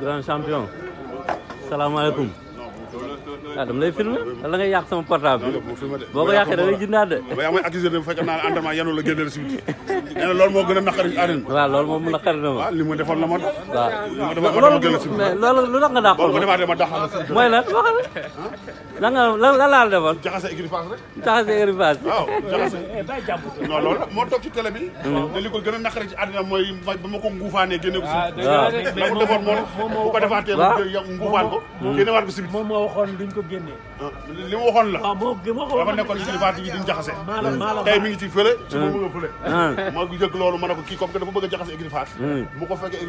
grand champion salaamaaleykum waaw ah, dama lay filmé wala ngay yàq sama portable bi boo ko yàqee da ngay jëndaat de ba yaa may accusé de fekk naa àndama yanu la génneel si biti nee na Lalu moo gën Lalu naqari àddina waaw loolu moom lalu na ma waaw li ma defoon la ma def waaw li ma defoon la ma génneel si biti loolu lu tax nga dàqoon ma defaatee ma dàqal si mooy lan waxal lan nga lan laa defoon jaxase écrifage rek jaxase écrifage waaw jaxase eh, non loolu moo toog ci télé bi hmm. ne li ko gën ci àddina mooy ba ko nguufaanee génne ko si la ah, ma defoon moo bu ko defaatee nguufaan ko hmm. génnewaat ko si biti moom moo duñ ko génnee. Euh, mu waxoon a ah. Ah. ne ko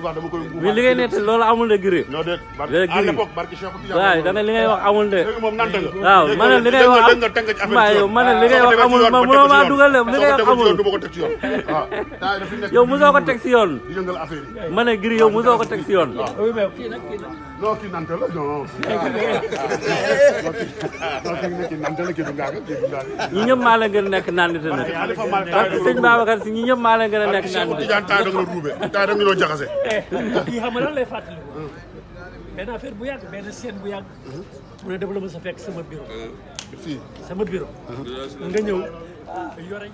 ah. loolu amul de Gris. non déet à wax amul ne li ngay wax waaw ma ne wax amul yow mosoo ko teg si yoon. yow mosoo ko teg ñi ñëpp maa la gën a nekk naan nit nag parce que si ñëpp maa la gën a nekk naan nit taa da nga doon ruube taa da nga doon jaxase kii xam nga lan lay fàttali benn affaire bu yàgg bu yàgg mu ne développé sama bureau fii sama bureau nga ñëw yore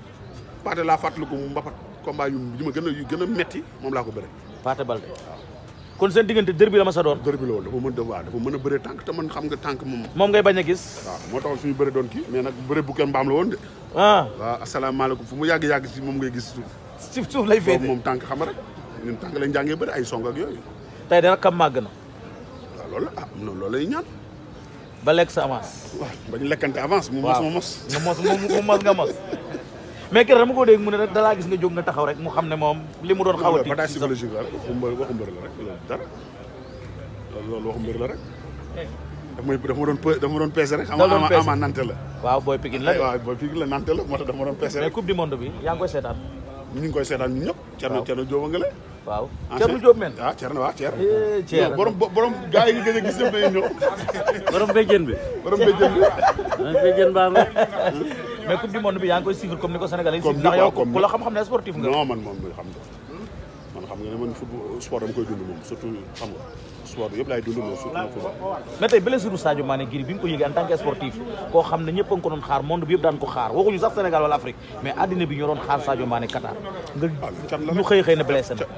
Paate laa fàttaliku mu mbapat combat yu ma gën a yu gën metti moom laa ko bëre Paate Balde kon seen diggante dër bi la woon dafa mën a waaw dafa mën a bëre tànk te xam nga tànk moom moom ngay bañ a gis waaw moo taxoon suñu bëre doon kii ah. fu mu yàgg-yàgg si moom ngay gis suuf si suuf lay moom tànk xam rek ñun tànk lañ jàngee bëri ay song ak yooyu tey dana kam màgg na waaw loolu ah non loolu lay ñaan ba lekk sa avance waaw bañ lekkante avance mu mos ma mos nga mos mu mos nga mos mais keroog dama ko dégg mu ne rek dalaa gis nga jóg nga taxaw rek mu xam ne moom li mu doon xaw a bataille psychologique la rek waxu mbër la rek loolu dara loolu eh. doon daf rek ama nante la waaw booy eh, Pikine la nante la moo doon peese rek coupe du monde bi yaa ngi koy seetaan ñu ngi koy seetaan ñun ñëpp. waaw Thierno Thierno Diop Ngale. waaw ah, Thierno Diop men ah Thierno waaw ah, Thierno. Eh, borom borom gars yi gëj gis ñëpp dañuy ñëw. borom béjjén bi. borom béjjén bi. béjjén baax na. mais coupe du monde bi yaa ngi koy suivre comme ni ko Sénégal yi. comme ni ko ndax yow xam-xam ne sportif nga. man moom xam nga man xam nga ne man football sport dama koy dund moom surtout xam nga. histoire bi yëpp laay dund mais surtout bi nga ko yëgee en tant que sportif koo xam ne ñëpp a nga ko doon xaar monde bi yëpp daan ko xaar waxuñu sax Sénégal wala Afrique mais addina bi ñoo doon xaar Sadio Mané ah, nga ñu xëy xëy na blessé na